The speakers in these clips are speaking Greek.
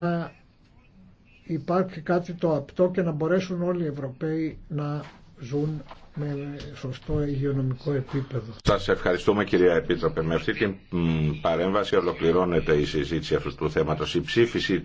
να υπάρχει κάτι το απτό και να μπορέσουν όλοι οι Ευρωπαίοι να ζουν με σωστό υγειονομικό επίπεδο. Σα ευχαριστούμε κυρία Επίτροπε. Με αυτή την παρέμβαση ολοκληρώνεται η συζήτηση αυτού του θέματο. Η ψήφιση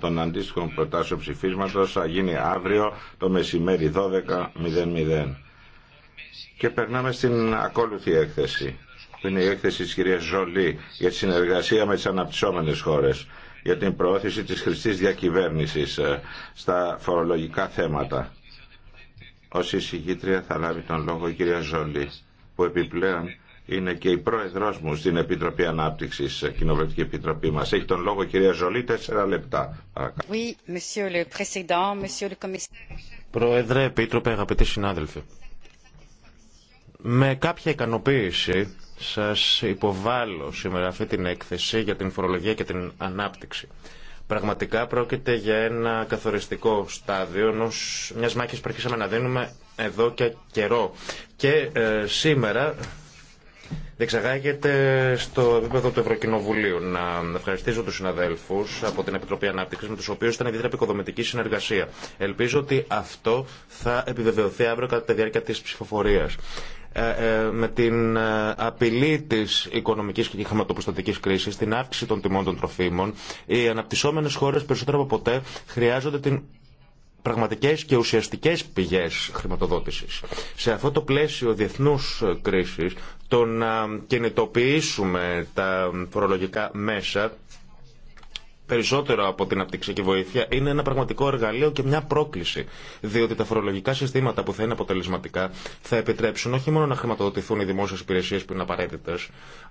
των αντίστοιχων προτάσεων ψηφίσματο θα γίνει αύριο το μεσημέρι 12.00. Και περνάμε στην ακόλουθη έκθεση, που είναι η έκθεση της κυρίας Ζολή για τη συνεργασία με τις αναπτυσσόμενες χώρες για την προώθηση της χρηστής διακυβέρνησης ε, στα φορολογικά θέματα. Ως εισηγήτρια θα λάβει τον λόγο η κυρία Ζολή, που επιπλέον είναι και η πρόεδρός μου στην Επιτροπή Ανάπτυξης, ε, Κοινοβουλευτική Επιτροπή μας. Έχει τον λόγο η κυρία Ζολή, τέσσερα λεπτά. Oui, monsieur Πρόεδρε, Επίτροπε, αγαπητοί συνάδελφοι. Με κάποια ικανοποίηση σας υποβάλλω σήμερα αυτή την έκθεση για την φορολογία και την ανάπτυξη. Πραγματικά πρόκειται για ένα καθοριστικό στάδιο ενό μιας μάχης που αρχίσαμε να δίνουμε εδώ και καιρό. Και ε, σήμερα διεξαγάγεται στο επίπεδο του Ευρωκοινοβουλίου. Να ευχαριστήσω του συναδέλφου από την Επιτροπή Ανάπτυξη, με του οποίου ήταν ιδιαίτερα επικοδομητική συνεργασία. Ελπίζω ότι αυτό θα επιβεβαιωθεί αύριο κατά τη διάρκεια τη ψηφοφορία. Ε, ε, με την ε, απειλή τη οικονομική και χρηματοπιστωτική κρίση, την αύξηση των τιμών των τροφίμων, οι αναπτυσσόμενε χώρε περισσότερο από ποτέ χρειάζονται την πραγματικές και ουσιαστικές πηγές χρηματοδότησης. Σε αυτό το πλαίσιο διεθνούς κρίσης, το να κινητοποιήσουμε τα φορολογικά μέσα περισσότερο από την απτυξιακή βοήθεια είναι ένα πραγματικό εργαλείο και μια πρόκληση. Διότι τα φορολογικά συστήματα που θα είναι αποτελεσματικά θα επιτρέψουν όχι μόνο να χρηματοδοτηθούν οι δημόσιε υπηρεσίε που είναι απαραίτητε,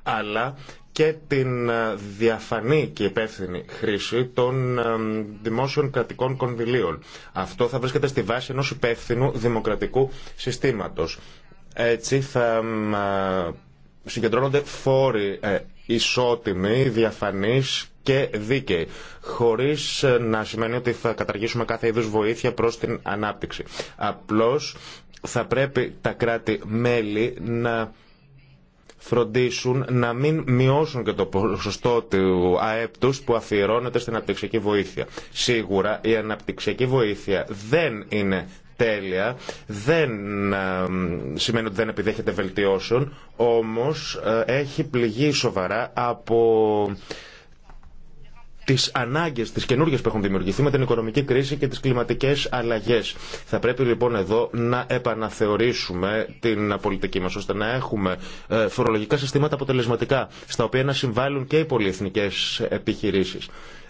αλλά και την ε, διαφανή και υπεύθυνη χρήση των ε, δημόσιων κρατικών κονδυλίων. Αυτό θα βρίσκεται στη βάση ενός υπεύθυνου δημοκρατικού συστήματος. Έτσι θα ε, συγκεντρώνονται φόροι ισότιμοι, διαφανείς και δίκαιη, χωρί ε, να σημαίνει ότι θα καταργήσουμε κάθε είδους βοήθεια προς την ανάπτυξη. Απλώς θα πρέπει τα κράτη-μέλη να φροντίσουν να μην μειώσουν και το ποσοστό του ΑΕΠ τους που αφιερώνεται στην αναπτυξιακή βοήθεια. Σίγουρα η αναπτυξιακή βοήθεια δεν είναι τέλεια, δεν ε, σημαίνει ότι δεν επιδέχεται βελτιώσεων, όμως ε, έχει πληγεί σοβαρά από τι ανάγκε, τι καινούργιε που έχουν δημιουργηθεί με την οικονομική κρίση και τι κλιματικέ αλλαγέ. Θα πρέπει λοιπόν εδώ να επαναθεωρήσουμε την πολιτική μα, ώστε να έχουμε ε, φορολογικά συστήματα αποτελεσματικά, στα οποία να συμβάλλουν και οι πολυεθνικέ επιχειρήσει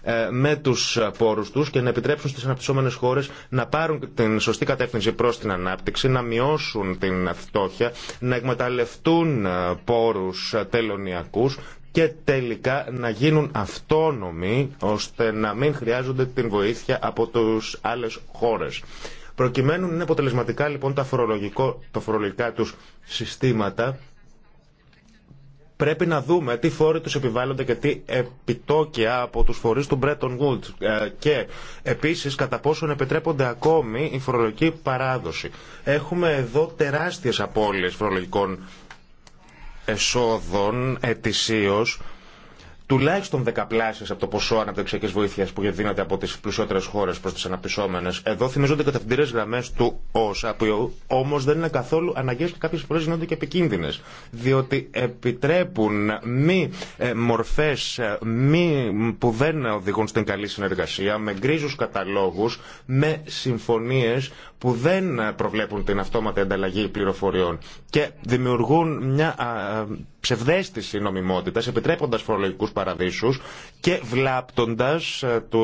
ε, με του πόρου του και να επιτρέψουν στι αναπτυσσόμενε χώρε να πάρουν την σωστή κατεύθυνση προ την ανάπτυξη, να μειώσουν την φτώχεια, να εκμεταλλευτούν ε, πόρου τελωνιακού και τελικά να γίνουν αυτόνομοι ώστε να μην χρειάζονται την βοήθεια από τους άλλες χώρες. Προκειμένου να είναι αποτελεσματικά λοιπόν τα, φορολογικά τους συστήματα πρέπει να δούμε τι φόροι τους επιβάλλονται και τι επιτόκια από τους φορείς του Bretton Woods ε, και επίσης κατά πόσον επιτρέπονται ακόμη η φορολογική παράδοση. Έχουμε εδώ τεράστιες απώλειες φορολογικών εσόδων ετησίως τουλάχιστον δεκαπλάσια από το ποσό αναπτυξιακή βοήθεια που δίνεται από τι πλουσιότερε χώρε προ τι αναπτυσσόμενε. Εδώ θυμίζονται κατευθυντήρε γραμμέ του ΩΣΑ, που όμω δεν είναι καθόλου αναγκαίε και κάποιε φορέ γίνονται και επικίνδυνε. Διότι επιτρέπουν μη ε, μορφέ ε, μη, που δεν οδηγούν στην καλή συνεργασία, με γκρίζου καταλόγου, με συμφωνίε που δεν προβλέπουν την αυτόματη ανταλλαγή πληροφοριών και δημιουργούν μια ε, ψευδέστηση νομιμότητας επιτρέποντας φορολογικούς παραδείσους και βλάπτοντας ε, το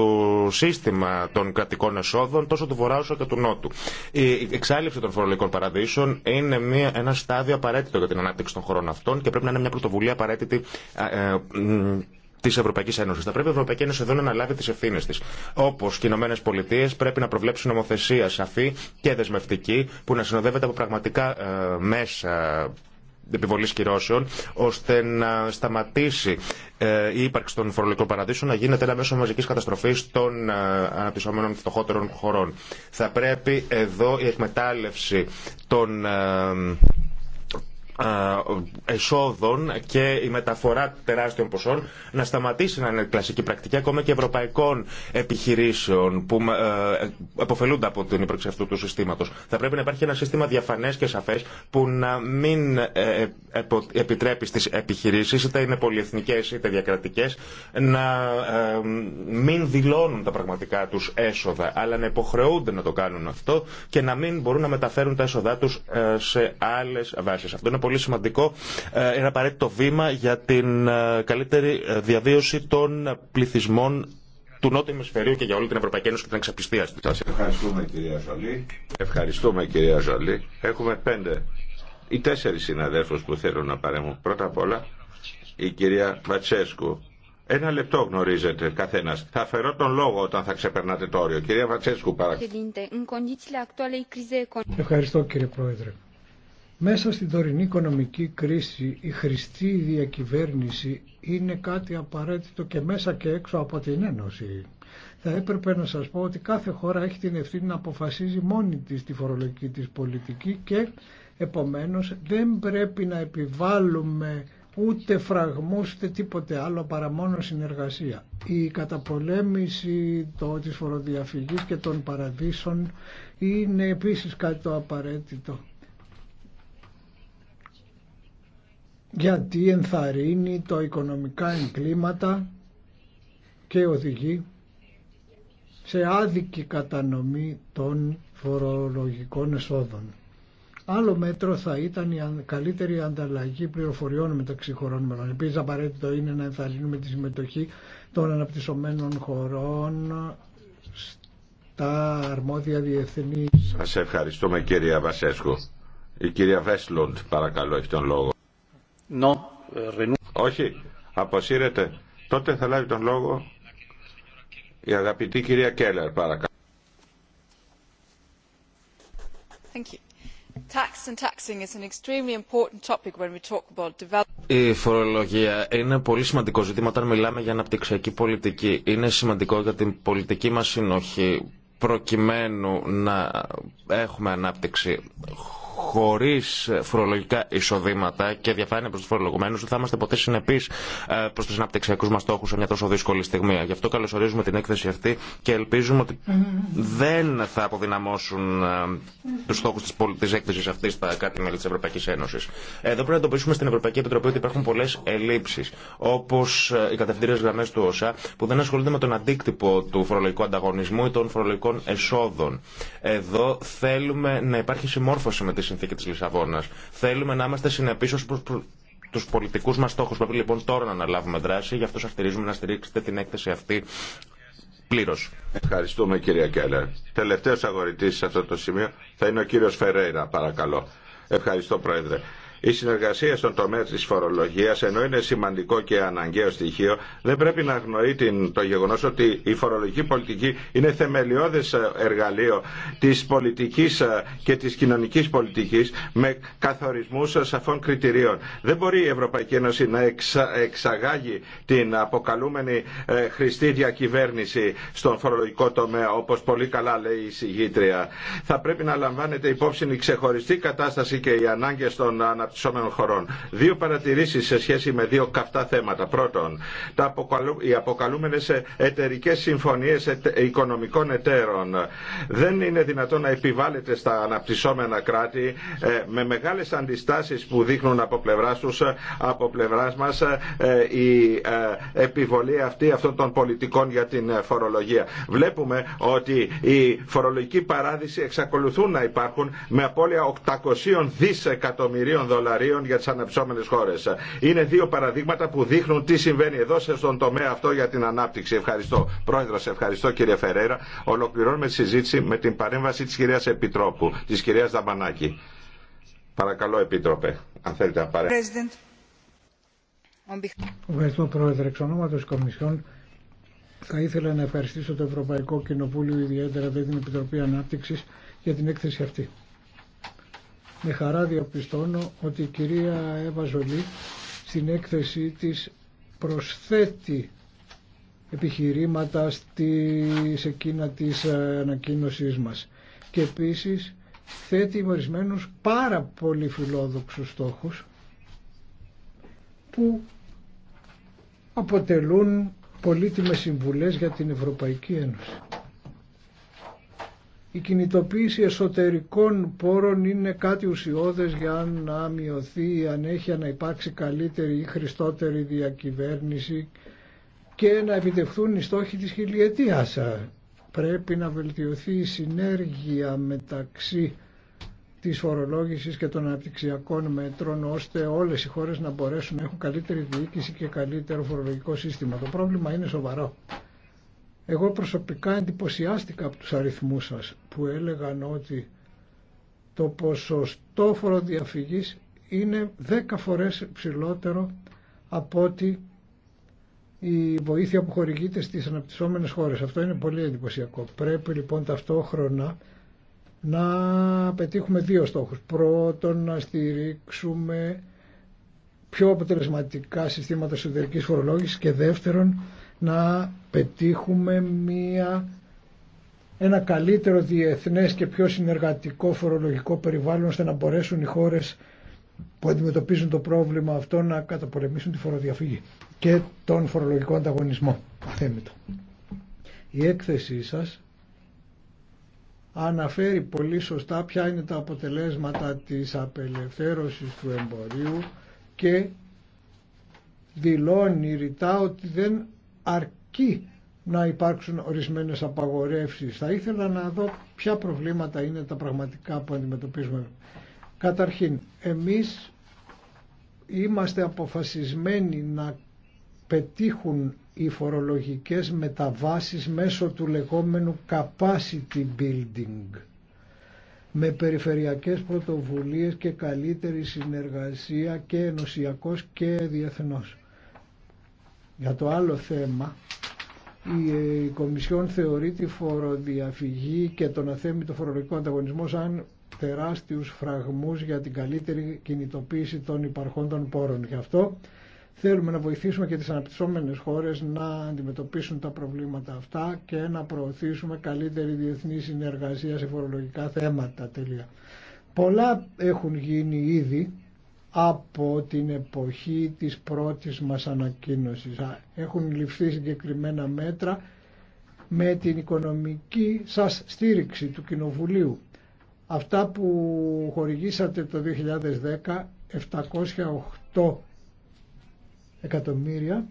σύστημα των κρατικών εσόδων τόσο του Βορρά όσο και του Νότου. Η εξάλληψη των φορολογικών παραδείσων είναι μια, ένα στάδιο απαραίτητο για την ανάπτυξη των χωρών αυτών και πρέπει να είναι μια πρωτοβουλία απαραίτητη ε, τη Ευρωπαϊκή Ένωση. Θα πρέπει η Ευρωπαϊκή Ένωση εδώ να αναλάβει τι ευθύνε τη. Όπω οι Ηνωμένε Πολιτείε πρέπει να προβλέψουν νομοθεσία σαφή και δεσμευτική που να συνοδεύεται από πραγματικά ε, μέσα επιβολής κυρώσεων, ώστε να σταματήσει ε, η ύπαρξη των φορολογικών παραδείσων να γίνεται ένα μέσο μαζική καταστροφή των ε, αναπτυσσόμενων φτωχότερων χωρών. Θα πρέπει εδώ η εκμετάλλευση των ε, εσόδων και η μεταφορά τεράστιων ποσών να σταματήσει να είναι κλασική πρακτική ακόμα και ευρωπαϊκών επιχειρήσεων που ε, εποφελούνται από την ύπαρξη αυτού του συστήματο. Θα πρέπει να υπάρχει ένα σύστημα διαφανέ και σαφέ που να μην ε, ε, επιτρέπει στι επιχειρήσει, είτε είναι πολυεθνικέ είτε διακρατικέ, να μην δηλώνουν τα πραγματικά του έσοδα, αλλά να υποχρεούνται να το κάνουν αυτό και να μην μπορούν να μεταφέρουν τα έσοδά του σε άλλε βάσει πολύ σημαντικό, ένα ε, απαραίτητο βήμα για την ε, καλύτερη ε, διαβίωση των πληθυσμών του Νότιου Ημισφαιρίου και για όλη την Ευρωπαϊκή Ένωση και την εξαπιστία ευχαριστούμε κυρία Ζαλή. Ευχαριστούμε κυρία Ζαλή. Έχουμε πέντε ή τέσσερι συναδέλφου που θέλουν να παρέμβουν. Πρώτα απ' όλα η κυρία θελουν να παρεμουν Ένα λεπτό γνωρίζετε καθένα. Θα αφαιρώ τον λόγο όταν θα ξεπερνάτε το όριο. Κυρία Βατσέσκου, παρακαλώ. Ευχαριστώ κύριε Πρόεδρε. Μέσα στην τωρινή οικονομική κρίση η χρηστή διακυβέρνηση είναι κάτι απαραίτητο και μέσα και έξω από την Ένωση. Θα έπρεπε να σας πω ότι κάθε χώρα έχει την ευθύνη να αποφασίζει μόνη της τη φορολογική της πολιτική και επομένως δεν πρέπει να επιβάλλουμε ούτε φραγμούς ούτε τίποτε άλλο παρά μόνο συνεργασία. Η καταπολέμηση το, της φοροδιαφυγής και των παραδείσων είναι επίσης κάτι το απαραίτητο γιατί ενθαρρύνει το οικονομικά εγκλήματα και οδηγεί σε άδικη κατανομή των φορολογικών εσόδων. Άλλο μέτρο θα ήταν η καλύτερη ανταλλαγή πληροφοριών μεταξύ χωρών μελών. Επίση, απαραίτητο είναι να ενθαρρύνουμε τη συμμετοχή των αναπτυσσομένων χωρών στα αρμόδια διεθνή. Σα ευχαριστούμε, κυρία Βασέσκου. Η κυρία Βέσλοντ, παρακαλώ, έχει τον λόγο. Eh, Όχι. Αποσύρεται. Τότε θα λάβει τον λόγο η αγαπητή κυρία Κέλλερ, παρακαλώ. Η φορολογία είναι πολύ σημαντικό ζήτημα όταν μιλάμε για αναπτυξιακή πολιτική. Είναι σημαντικό για την πολιτική μας συνοχή προκειμένου να έχουμε ανάπτυξη χωρί φορολογικά εισοδήματα και διαφάνεια προ του φορολογουμένου, δεν θα είμαστε ποτέ συνεπεί ε, προ του αναπτυξιακού μα στόχου σε μια τόσο δύσκολη στιγμή. Γι' αυτό καλωσορίζουμε την έκθεση αυτή και ελπίζουμε ότι δεν θα αποδυναμώσουν ε, του στόχου τη έκθεση αυτή στα κάτι μέλη τη Ευρωπαϊκή Ένωση. Ε, εδώ πρέπει να εντοπίσουμε στην Ευρωπαϊκή Επιτροπή ότι υπάρχουν πολλέ ελλείψει, όπω οι κατευθυντήριε γραμμέ του ΩΣΑ, που δεν ασχολούνται με τον αντίκτυπο του φορολογικού ανταγωνισμού ή των φορολογικών εσόδων. Εδώ θέλουμε να υπάρχει συμμόρφωση με τι συνθήκη τη Λισαβόνα. Θέλουμε να είμαστε συνεπεί ω του πολιτικού μα στόχου. Πρέπει λοιπόν τώρα να αναλάβουμε δράση. Γι' αυτό σα στηρίζουμε να στηρίξετε την έκθεση αυτή πλήρω. Ευχαριστούμε κυρία Κέλλερ. Τελευταίο αγορητή σε αυτό το σημείο θα είναι ο κύριο Φερέιρα, παρακαλώ. Ευχαριστώ, Πρόεδρε. Η συνεργασία στον τομέα της φορολογίας, ενώ είναι σημαντικό και αναγκαίο στοιχείο, δεν πρέπει να αγνοεί το γεγονός ότι η φορολογική πολιτική είναι θεμελιώδες ε, εργαλείο της πολιτικής ε, και της κοινωνικής πολιτικής με καθορισμούς ε, σαφών κριτηρίων. Δεν μπορεί η Ευρωπαϊκή Ένωση να εξαγάγει την αποκαλούμενη χρηστή διακυβέρνηση στον φορολογικό τομέα, όπως πολύ καλά λέει η συγγήτρια. Θα πρέπει να λαμβάνεται υπόψη η ξεχωριστή κατάσταση και οι ανάγκε των αναπτυσσόμενων Δύο παρατηρήσει σε σχέση με δύο καυτά θέματα. Πρώτον, τα οι αποκαλούμενε εταιρικέ συμφωνίε οικονομικών εταίρων. Δεν είναι δυνατόν να επιβάλλεται στα αναπτυσσόμενα κράτη ε, με μεγάλε αντιστάσει που δείχνουν από πλευρά του, από πλευρά μα, ε, η ε, επιβολή αυτή αυτών των πολιτικών για την φορολογία. Βλέπουμε ότι οι φορολογικοί παράδεισοι εξακολουθούν να υπάρχουν με απώλεια 800 δισεκατομμυρίων δολαρίων για τι αναψώμενες χώρε. Είναι δύο παραδείγματα που δείχνουν τι συμβαίνει εδώ σε στον τομέα αυτό για την ανάπτυξη. Ευχαριστώ. Πρόεδρο σε ευχαριστώ κύριε Φερέρα. Ολοκληρώνουμε τη συζήτηση με την παρέμβαση τη κυρία Επιτρόπου, τη κυρία Δαμανάκη. Παρακαλώ Επίτροπε, αν θέλετε να παρέμβετε. Ευχαριστώ Πρόεδρε. Εξ ονόματο Κομισιόν θα ήθελα να ευχαριστήσω το Ευρωπαϊκό Κοινοβούλιο, ιδιαίτερα την Επιτροπή Ανάπτυξη για την έκθεση αυτή. Με χαρά διαπιστώνω ότι η κυρία Εύα Ζολή στην έκθεσή της προσθέτει επιχειρήματα στη, σε εκείνα της ε, ανακοίνωσής μας και επίσης θέτει ορισμένους πάρα πολύ φιλόδοξους στόχους που αποτελούν πολύτιμες συμβουλές για την Ευρωπαϊκή Ένωση η κινητοποίηση εσωτερικών πόρων είναι κάτι ουσιώδες για να μειωθεί η ανέχεια να υπάρξει καλύτερη ή χρηστότερη διακυβέρνηση και να επιτευχθούν οι στόχοι της χιλιετίας. Πρέπει να βελτιωθεί η συνέργεια μεταξύ της φορολόγησης και των αναπτυξιακών μέτρων ώστε όλες οι χώρες να μπορέσουν να έχουν καλύτερη διοίκηση και καλύτερο φορολογικό σύστημα. Το πρόβλημα είναι σοβαρό. Εγώ προσωπικά εντυπωσιάστηκα από τους αριθμούς σας που έλεγαν ότι το ποσοστό φοροδιαφυγής είναι 10 φορές ψηλότερο από ότι η βοήθεια που χορηγείται στις αναπτυσσόμενες χώρες. Αυτό είναι πολύ εντυπωσιακό. Πρέπει λοιπόν ταυτόχρονα να πετύχουμε δύο στόχους. Πρώτον να στηρίξουμε πιο αποτελεσματικά συστήματα εσωτερικής φορολόγησης και δεύτερον να πετύχουμε μία, ένα καλύτερο διεθνές και πιο συνεργατικό φορολογικό περιβάλλον ώστε να μπορέσουν οι χώρες που αντιμετωπίζουν το πρόβλημα αυτό να καταπολεμήσουν τη φοροδιαφύγη και τον φορολογικό ανταγωνισμό. Αθέμητο. Η έκθεσή σας αναφέρει πολύ σωστά ποια είναι τα αποτελέσματα της απελευθέρωσης του εμπορίου και δηλώνει ρητά ότι δεν αρκεί να υπάρξουν ορισμένες απαγορεύσεις. Θα ήθελα να δω ποια προβλήματα είναι τα πραγματικά που αντιμετωπίζουμε. Καταρχήν, εμείς είμαστε αποφασισμένοι να πετύχουν οι φορολογικές μεταβάσεις μέσω του λεγόμενου capacity building με περιφερειακές πρωτοβουλίες και καλύτερη συνεργασία και ενωσιακός και διεθνώς. Για το άλλο θέμα, ε, η Κομισιόν θεωρεί τη φοροδιαφυγή και τον αθέμητο φορολογικό ανταγωνισμό σαν τεράστιους φραγμούς για την καλύτερη κινητοποίηση των υπαρχόντων πόρων. Γι' αυτό θέλουμε να βοηθήσουμε και τις αναπτυσσόμενες χώρες να αντιμετωπίσουν τα προβλήματα αυτά και να προωθήσουμε καλύτερη διεθνή συνεργασία σε φορολογικά θέματα. Τελεία. Πολλά έχουν γίνει ήδη από την εποχή της πρώτης μας ανακοίνωσης. Έχουν ληφθεί συγκεκριμένα μέτρα με την οικονομική σας στήριξη του Κοινοβουλίου. Αυτά που χορηγήσατε το 2010, 708 εκατομμύρια,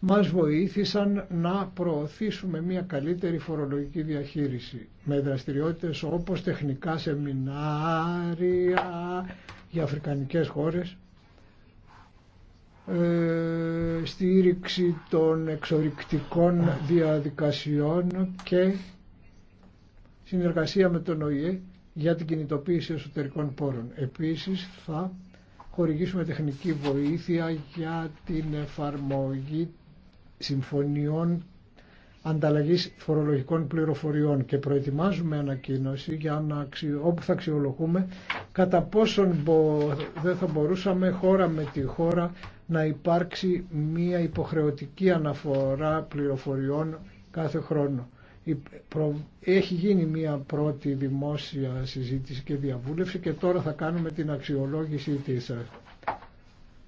μας βοήθησαν να προωθήσουμε μια καλύτερη φορολογική διαχείριση με δραστηριότητες όπως τεχνικά σεμινάρια, για αφρικανικές χώρες ε, στήριξη των εξορυκτικών διαδικασιών και συνεργασία με τον ΟΗΕ για την κινητοποίηση εσωτερικών πόρων. Επίσης θα χορηγήσουμε τεχνική βοήθεια για την εφαρμογή συμφωνιών ανταλλαγής φορολογικών πληροφοριών και προετοιμάζουμε ανακοίνωση για να όπου θα αξιολογούμε κατά πόσον δεν θα μπορούσαμε χώρα με τη χώρα να υπάρξει μία υποχρεωτική αναφορά πληροφοριών κάθε χρόνο. Έχει γίνει μία πρώτη δημόσια συζήτηση και διαβούλευση και τώρα θα κάνουμε την αξιολόγηση της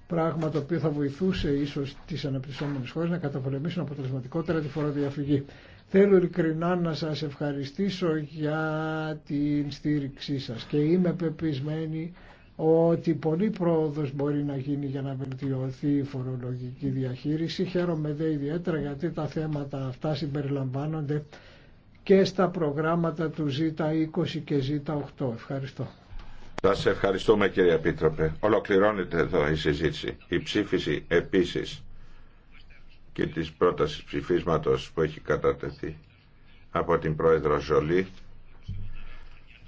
πράγμα το οποίο θα βοηθούσε ίσω τι αναπτυσσόμενε χώρε να καταπολεμήσουν αποτελεσματικότερα τη φοροδιαφυγή. Θέλω ειλικρινά να σα ευχαριστήσω για την στήριξή σα και είμαι πεπισμένη ότι πολύ πρόοδος μπορεί να γίνει για να βελτιωθεί η φορολογική διαχείριση. Χαίρομαι δε ιδιαίτερα γιατί τα θέματα αυτά συμπεριλαμβάνονται και στα προγράμματα του Z20 και Z8. Ευχαριστώ. Σας ευχαριστούμε κύριε Επίτροπε. Ολοκληρώνεται εδώ η συζήτηση. Η ψήφιση επίσης και της πρότασης ψηφίσματος που έχει κατατεθεί από την Πρόεδρο Ζολή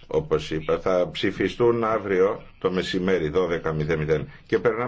όπως είπα θα ψηφιστούν αύριο το μεσημέρι 12.00 και περνάμε